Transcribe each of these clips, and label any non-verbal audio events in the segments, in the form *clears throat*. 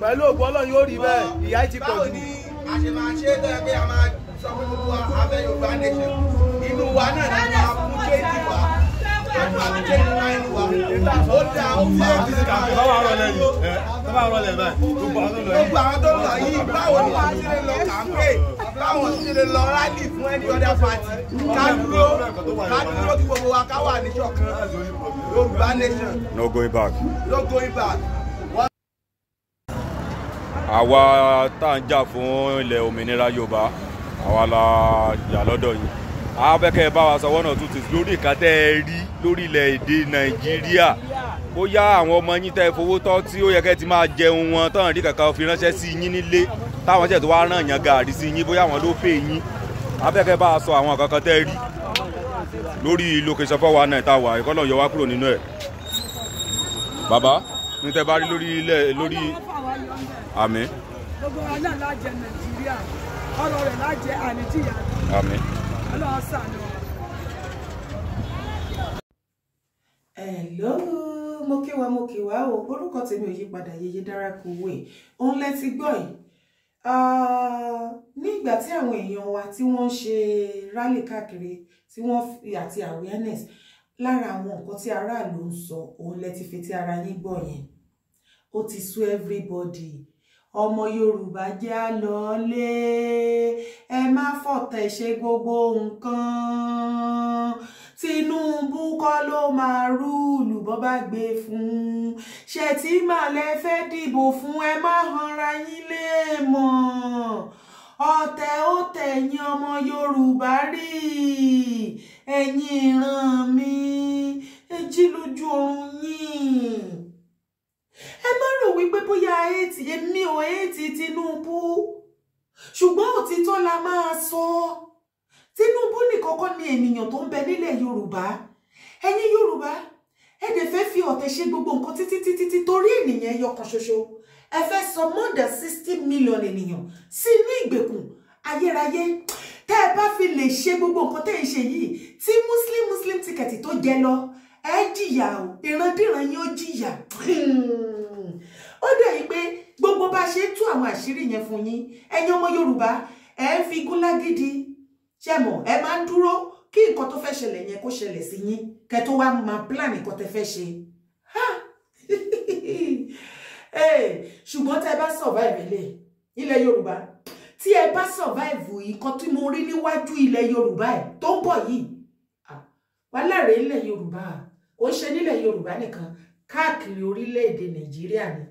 pẹ̀lú ògbó ọlọ́run yóò rí bẹ́ẹ̀ ìyà ti pọ̀ jù. báwo ni a máa máa mú kéèjì gbogbo àwọn tó ń lọ yìí báwo ni wọ́n ti lè lọ kàńpé báwọn ti lè lọ rálì fún ẹni ọdẹ fati ká dúró kí gbogbo wa ká wà níṣọ̀kan yorùbá nation. no going back. no going back àwa tá à ń jà fún ilẹ̀ òmìnira Yorùbá àwa la jà lọ́dọ̀ yìí abẹ́kẹ́ bá wa sọ one or two things lórí ìkàtẹ́ ẹ rí lórílẹ̀ èdè Nàìjíríà bóyá àwọn ọmọ yín tẹ́ fowó tọ́ tí ó yẹ kẹ́ ti máa jẹun wọn tán rí kankan fi ránṣẹ́ sí yín nílé táwọn ṣẹ̀ tó wá ràn yàn gàrí sí yín bóyá àwọn ló pè yín abẹ́kẹ́ bá a sọ àwọn kankan tẹ́ rí lórí location four one nine tá a wá kúrò nínú ẹ̀ bàbá ní tẹ́ bá rí lórí ilẹ̀ lórí àmín gbogbo wa náà lájẹ nàìjíríà ọ̀rọ̀ rẹ̀ lájẹ àníjìyà àmín Ọlọ́run ṣàánú. hello mo kí wa mo kí wa o orúkọ tèmi ò yí padà Yèyé Dára Kòwé òun lẹ ti gbọ́ yìí ah, nígbà tí àwọn èèyàn wa tí wọ́n ń ṣe rally káàkiri tí wọ́n àti awareness lára àwọn nǹkan tí aráàlú ń sọ òun lẹ ti fi ti ara yín gbọ́ yẹn ó ti sú everybody ọmọ yorùbá jẹ́ á lọ lé ẹ má fọ̀tẹ̀ ṣe gbogbo nǹkan tinubu kọ́ ló máa rúùlù bọ́ bá gbé fún ṣètìmá lẹ fẹ́ dìbò fún ẹ má hanra yín lè mọ̀ ọ̀tẹ̀ ó tẹ̀yìn ọmọ yorùbá rí ẹ̀yin ìran mi ẹ jí lójú oorun yín ẹ má rò wípé bóyá èètì èmi ò èètì Tinubu ṣùgbọ́n òtítọ́ la máa sọ Tinubu nìkan ni ènìyàn tó ń bẹ nílẹ̀ Yorùbá ẹ̀yin Yorùbá ẹ dẹ̀ fẹ́ fi ọ̀tẹ̀ ṣe gbogbo nǹkan títí títí tí torí ènìyàn ẹyọ kan ṣoṣo ẹ fẹ́ sọ more than sixty million ènìyàn sínú ìgbèkùn ayérayé tẹ́ ẹ bá fi lè ṣe gbogbo nǹkan tẹ́ ẹ ṣe yìí tí muslim muslim ticket tó jẹ lọ ẹ jìyà o ìrandíran yín ó jìyà hmm. ó dẹ̀ yìí pé gbogbo bá ṣe tú àwọn àṣírí yẹn fún yín ẹ̀yin ọmọ Yorùbá ẹ ń fi ikú lágídí ṣẹ̀mọ̀ ẹ máa ń dúró kí nǹkan tó fẹ́ ṣẹlẹ̀ yẹn kó ṣẹlẹ̀ sí yín kẹ tó wá máa plan nǹkan tẹ fẹ́ ṣe *laughs* ṣùgbọ́n tẹ bá survive ilé ilẹ̀ Yorùbá tí ẹ bá survive nǹkan tí mo rí níwájú ilẹ̀ Yorùbá ẹ̀ tó ń bọ̀ yìí wàhálà rẹ̀ ilẹ̀ Yorùbá kò ń ṣe nílẹ̀ yorùbá nìkan káàkiri orílẹ̀-èdè nàìjíríà ni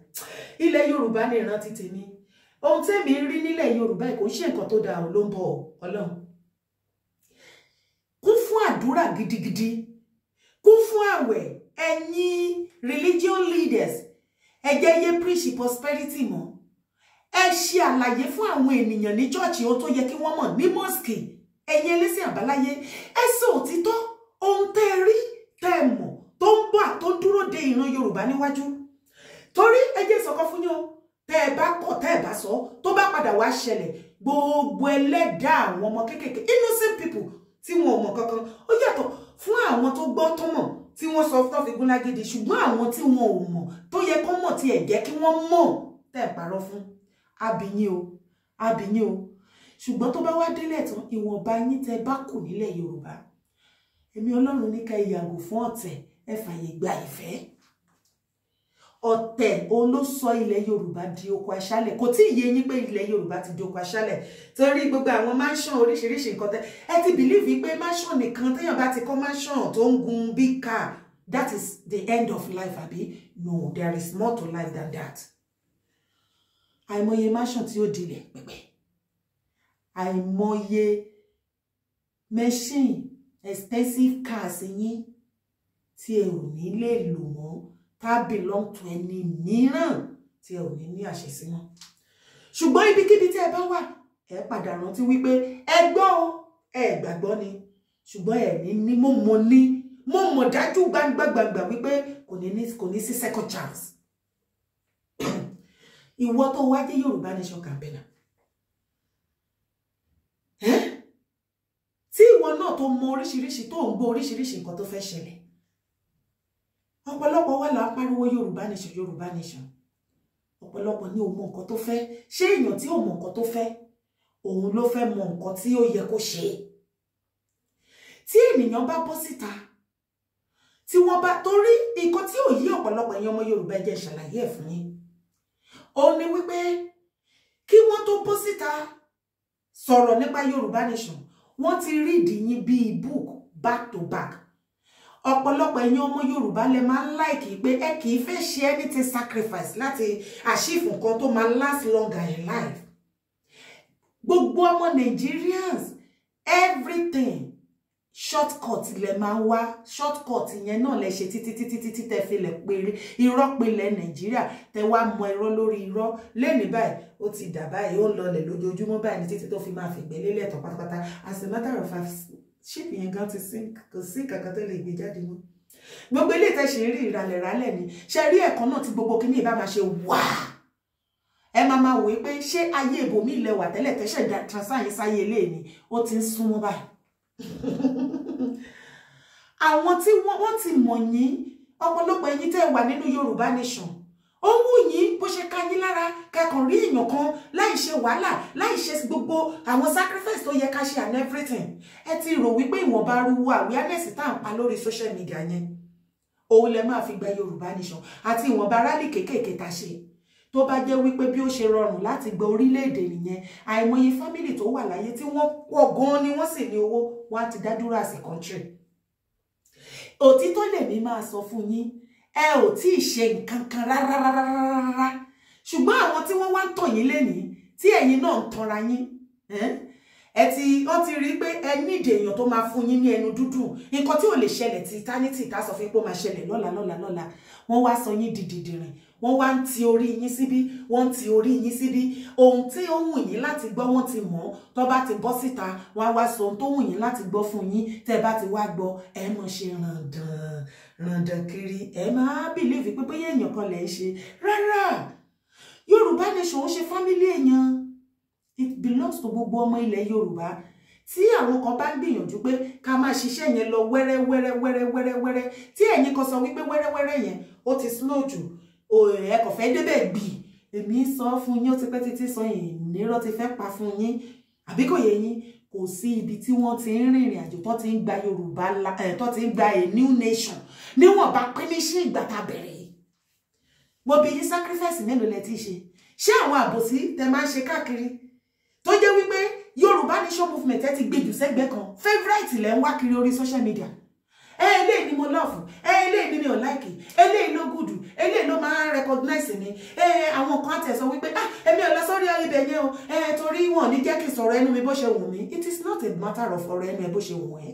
ilẹ̀ yorùbá ni ìrántí tèmi ohun tèmi rí nílẹ̀ yorùbá kò ń ṣe nǹkan tó dáa ló ń bọ̀ ọlọ́run kún fún àdúrà gidigidi kún fún àwẹ̀ ẹ̀yin religion leaders ẹ jẹ́ preach prosperity mọ́ ẹ ṣe àlàyé fún àwọn ènìyàn ní chọ́ọ̀chì ohun tó yẹ kí wọ́n mọ̀ ní mosque ẹ̀yin ẹlẹ́sìn àbáláyé ẹ sọ òtítọ́ ohun tẹ́ ẹ rí yorùbá níwájú torí ẹ jẹ́ sọ̀kan fún yín o tẹ́ ẹ bá kọ̀ tẹ́ ẹ bá sọ tó bá padà wá ṣẹlẹ̀ gbogbo ẹlẹ́dàá àwọn ọmọ kéékèèké innocent people tí wọn ò mọ̀ kankan ó yàtọ̀ fún àwọn tó gbọ́ tó mọ̀ tí wọ́n sọ tó fi gún lágídí ṣùgbọ́n àwọn tí wọn ò mọ̀ tó yẹ kó mọ̀ tí ẹ jẹ́ kí wọ́n mọ̀ tẹ́ ẹ parọ́ fún abìyín o abìyín o ṣùgbọ́n tó bá wá délẹ̀ tán ìwọ̀nba yín tẹ bá kù nílẹ̀ yorùbá èmi ọlọ́run ní ká yàgò fún ọ̀tẹ̀ ẹ fàyè gba ìfẹ́ ọ̀tẹ̀ òun ló sọ ilẹ̀ yorùbá di oko aṣálẹ̀ kò tí ì yé yín pé ilẹ̀ yorùbá ti di oko aṣálẹ̀ torí gbogbo àwọn mansion oríṣiríṣi nǹkan tẹ ẹ ti bìlíìfì pé mansion nìkan téèyàn bá ti kọ́ mansion tó ń gun big car that is the end of life àbí no there is more to life than that àìmọye mansion tí ó dilẹ̀ pẹ̀pẹ̀ àìmọye machine expensive cars yín tí ẹ ò ní lè lò mọ́ ká belong to any mìíràn tí ẹ ò ní ní àṣẹsí mọ́ ṣùgbọ́n ibikíbi tí ẹ bá wà ẹ padà rántí wípé ẹ gbọ́ o ẹ gbàgbọ́ ni ṣùgbọ́n ẹ ní ní mo mọ ní mo mọ̀ dájú gbangba gbangba wípé kò ní ní kò ní sí second chance *clears throat* ìwọ tó wá jẹ́ Yorùbá nation campaigner tí ìwọ náà tó mọ oríṣiríṣi tó ń gbọ́ oríṣiríṣi nǹkan tó fẹ́ ṣẹlẹ̀ ọ̀pọ̀lọpọ̀ wà láà pariwo yorùbá nation yorùbá nation ọ̀pọ̀lọpọ̀ ní o mọ nǹkan tó fẹ́ ṣé èèyàn tí ò mọ nǹkan tó fẹ́ òun ló fẹ́ mọ nǹkan tí ó yẹ kó ṣe tí ènìyàn bá bọ́ síta tí wọ́n bá torí nǹkan tí ò yí ọ̀pọ̀lọpọ̀ ẹ̀yin ọmọ yorùbá jẹ́ ṣàlàyé ẹ̀ fún yín òun ni wípé kí wọ́n tó bọ́ síta sọ̀rọ̀ nípa yorùbá nation wọ́n ti rí ìdí yín bíi book back to back ọ̀pọ̀lọpọ̀ ẹ̀yin ọmọ Yorùbá lẹ máa ń láìkì pé ẹ kì í fẹ́ ṣe anything sacrifice láti achieve nǹkan tó máa last longer in life gbogbo ọmọ Nigerians everything shortcut lẹ máa wá shortcut yẹn náà lẹ ṣe títí títí títí tẹ fi lẹ péré irọ́ pilẹ̀ Nàìjíríà tẹ wá mọ irọ́ lórí irọ́ lẹ́nu báyìí ó ti dà báyìí ó lọlẹ̀ lójoojúmọ́ báyìí ní títí tó fi máa fìgbẹ́ lélẹ̀ tán pátápátá as a matter of fact ṣíìpì yẹn gan ti sink kò sí kankan tó lè gbé jáde mọ́ gbogbo ilé ìtẹ̀sí rí ìrànlẹ̀ rálẹ̀ ni ṣe rí ẹ̀kan náà tí gbogbo kíní ìbá máa ṣe wá ẹ máa máa wòye pé ṣé ayé ibòmí ilẹ̀ wà tẹ́lẹ̀ tẹ́ṣẹ̀ transáyé sáyé ilé ni ó ti ń súnmọ́ báyìí *laughs* àwọn tí wọ́n ti mọ̀ yín ọ̀pọ̀lọpọ̀ ẹ̀yin tẹ́ wà nínú Yorùbá nation ó wù yín bó ṣe ka yín lára kẹkàn rí èèyàn kan láì ṣe wàhálà láì ṣe gbogbo àwọn sacrifice tó yẹ ká ṣe and everything ẹ ti rò wípé ìwọ̀nba ruwo awareness tá à ń pa lórí social media yẹn òun lẹ máa fi gba Yorùbá nation àti ìwọ̀nba rálì kéékèèké tá ṣe tó bá jẹ́ wípé bí ó ṣe rọrùn láti gba orílẹ̀-èdè nìyẹn àìmọye fámìlì tó wà láyé tí wọ́n pọ̀ gan-an ni wọ́n sì ní owó wọn á ti dá dúró àsìkọ́ńtì òtítọ́ lèmi máa sọ fún yín ẹ ò tí ì ṣe nǹkan kan rárá rárá rárá ṣùgbọ́n àwọn tí wọ́n wá ń tàn yín lénìí tí ẹ̀yin náà ń tanra yín ẹ ti wọ́n ti rí pé ẹ nídìí èèyàn tó máa fún yín ní ẹnu dúdú nǹkan tí ò lè ṣẹlẹ̀ ti tánítì tá a sọ fún pé ó máa ṣẹlẹ̀ lọ́la lọ́la lọ́la wọ́n wá sọ yín di dìdìrìn wọ́n wá ń ti orí yín síbí wọ́n ń ti orí yín síbí ohun tí ó wù yín láti gbọ́ wọ́n ti mọ̀ tó bá ti bọ́ síta wọ́n á wá sọ ohun tó wù yín láti gbọ́ fún yín tẹ́ bá ti wá gbọ́ ẹ mọ̀ ṣe ràn dàn ràǹdàn kiri ẹ máa bìlíìfì pé èèyàn kan lè ṣe rárá yorùbá nation ń ṣe fámílì èèyàn it belongs to gbogbo ọmọ ilẹ̀ yorùbá tí àwọn kan bá ń gbìyànjú pé ká máa ṣiṣẹ́ yẹn lọ wẹ́rẹ́ tí ẹ̀yin kan sọ wípé wẹ́rẹ́ yẹn ó ti slow jù ẹ fẹ́ débẹ̀ gbì èmi sọ fún yín ó ti pẹ́ títí sọ yìí nírọ́ ti fẹ́ pa fún yín àbí kò yé yín kò sí ibi tí wọ́n ti ń rìnrìn àjò tó ti ń gba yorùbá tó ti ń gba a new nation níwọ̀n bá pé ní sí ìgbà tá a bẹ̀rẹ̀ yìí mo bi yín sacrifice mélòó lẹ ti ṣe ṣé àwọn àbòsí tẹ máa ń ṣe káàkiri tó jẹ́ wípé Yorùbá Nation movement ẹ ti gbé sẹ́gbẹ́ kan favourite lẹ ń wá kiri orí social media ẹ eléyìí ni mo love ẹ eléyìí ni mi ò láìkì eléyìí ló gùdù eléyìí ló máa ń recognize mi ẹ àwọn kan tẹ̀ sọ wípé ah èmi ò lọ sórí ibẹ̀ yẹn o ẹ torí wọn ò ní jẹ́ kí sọ̀rọ̀ ẹnu mi bó ṣe wù mí it is not a matter of ọ̀rọ̀ ẹnu ẹ bó ṣe wù ẹ́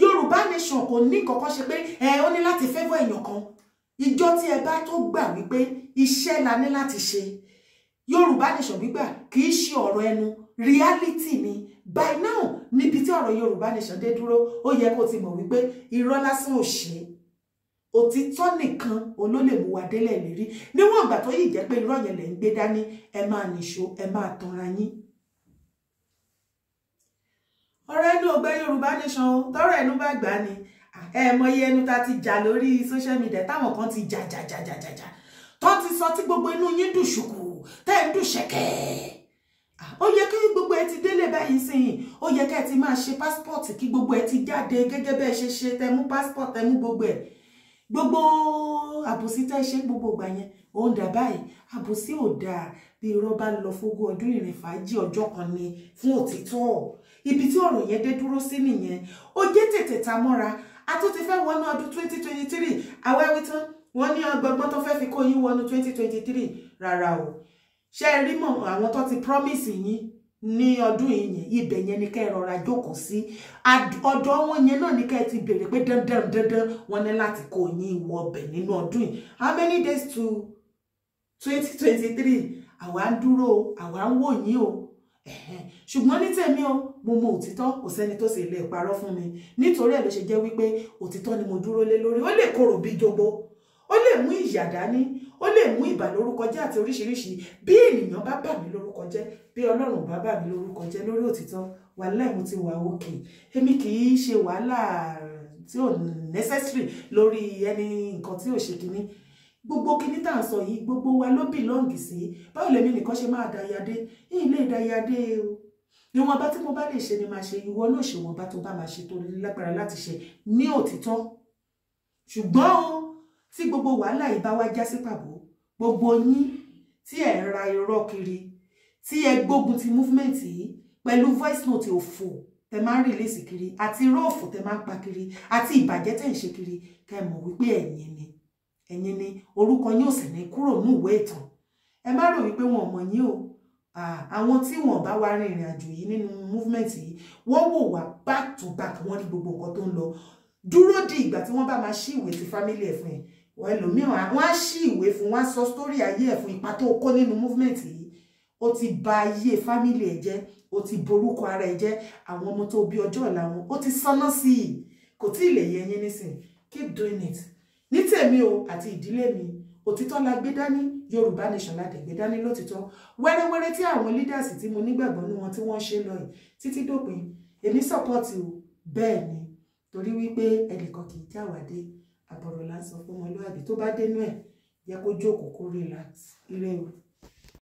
yorùbá nation kò ní kankan ṣe pé ẹ ó ní láti fẹ́fọ́ èèyàn kan ìjọ tí ẹ bá tó gbà wípé iṣẹ́ la ní láti ṣe yorùbá nation gbígbà kì í ṣe ọ̀rọ̀ ẹnu reality ni by now níbi tí ọ̀rọ̀ yorùbá nation dé dúró ó yẹ kó ti mọ̀ wípé irọ́ lásán ò ṣe òtítọ́ nìkan olólè mú wa délẹ̀ lérí níwọ̀n ìgbà tó yìí jẹ́ pé irọ́ yẹn lẹ̀ ń gbé dání ẹ máa nìṣó ẹ máa tanra yín ọ̀rọ̀ ẹnu ògbẹ́ yorùbá nation tọrọ ẹnu bá gbà ni ẹ mọyì ẹnu ta ti jà lórí social media táwọn kan ti jà jà jà jà jà jà tó ti sọ tí gbogbo inú yín dùn ṣùkù tẹ́ ẹ̀ ń dùn ṣẹ̀kẹ́ ó yẹ kí gbogbo ẹ ti délé báyìí sìn ó yẹ kí ẹ ti máa ṣe passport kí gbogbo ẹ ti jáde gẹ́gẹ́ bẹ́ẹ̀ ṣe ṣe tẹ́ mú passport tẹ́ mú gbogbo ẹ̀ gbogbo àbòsí tẹ́ ṣe gbogbo ìgbà yẹn òun dà báyìí àbòsí ò dáa bí irọ́ bá lọ fógún ọdún ìrìn fàájì ọjọ́ kan ni fún òtítọ́ ibi tí ọ̀rọ̀ yẹn dé dúró sí nìyẹn ó jẹ́ tètè ta mọ́ra a tún ti fẹ́ wọnú ọdún twenty twenty three àwa wí tán wọ́n ní ọgbọ́gbọ́n tó fẹ́ fi kó yín wọnú twenty twenty three rárá o ṣé ẹ rí mọ̀ àwọn tó ti promise yín ní ọdún yìnyín ibẹ̀ yẹn ni kẹ́ ẹ rọra jókòó sí ọ̀dọ̀ wọn yẹn náà ni kẹ́ ẹ ti béèrè pé dandan dandan wọn ní láti kó yín wọ ọbẹ̀ nínú ọdún yìí how many days to twenty twenty three àwa ń dúró àwa ń wò yín o ṣùgbọ́n ní tèmi o mo mọ òtítọ́ kò sẹ́ni tó sì lè parọ́ fún mi nítorí ẹ̀ ló ṣe jẹ́ wípé òtítọ́ ni mo dúró lé lórí ó lè korò bí jogbo ó lè mú ìyà dání ó lè mú ìbà lórúkọ jẹ́ àti oríṣiríṣi bí ènìyàn bá bà mí lórúkọ jẹ́ bí ọlọ́run bá bà mí lórúkọ jẹ́ lórí òtítọ́ wàhálà mo ti wà òkè èmi kì í ṣe wàhálà tí necessary lórí ẹni nǹkan tí ò ṣe kínní gbogbo kinní tá à ń sọ yìí gbogbo wa ló bìlọ́ǹgì sí báwo lèmi nìkan ṣe máa dayadé yìí lè dayadé o ìwọ̀nba tí mo bá lè ṣe ni máa ṣe ìwọ náà ṣe ìwọ̀nba tó bá máa ṣe tó lágbára láti ṣe ní òtítọ́ ṣùgbọ́n o tí gbogbo wàhálà yìí bá wá já sí pàbó gbogbo yín tí ẹ̀ ń ra irọ́ kiri tí ẹ gbógun ti movement yìí pẹ̀lú voice note òfò tẹ máa ń rìlẹ́sì kiri àti irọ́ òfò tẹ máa ń pa kiri àti ìbàjẹ́ tẹ̀ ń ṣe kiri ká ẹ mọ̀ wípé ẹ̀yin ni ẹ̀yin ni orúkọ yóò sì ní kúrò ní ìwé ìtàn ẹ má rò wípé wọn ò mọ̀ yín o àwọn tí wọ́n bá wá rin ìrìn àjò yìí nínú movement yìí wọ́n wò wá back to back wọ́n ní gbogbo nǹkan tó ń lọ dúró di ìgbà tí wọ́n bá máa ṣí ìwé ti family ẹ̀ fún ẹ̀ wọ́n ẹlòmíràn wọ́n á ṣí ìwé fún wọ́n á sọ story ayé ẹ̀ fún ipa tó kó nínú movement yìí ó ti bà ayé family ẹ̀ jẹ́ ó ti borúkọ ara ẹ̀ jẹ́ àwọn ọmọ tó bí ọjọ́ ọ̀la wọn ó ti sọnà sí i kò tí ì lè yẹ yín nísìn keep doing it ní tèmi o àti ìdílé mi òtítọ́ la gbé dání yorùbá nation la dẹ̀ gbé dání lótìtọ́ wẹ́rẹ́wẹ́rẹ́ tí àwọn leaders tí mo nígbàgbọ́ ní wọn tí wọ́n ṣe lọ yìí títí dópin èmi support o bẹ́ẹ̀ ni torí wípé ẹnìkan kì í jáwàdé àbọ̀rọ̀ là ń sọ fún ọmọlúwàbí tó bá dénú ẹ̀ yẹ kó jókòó kó relax ire o.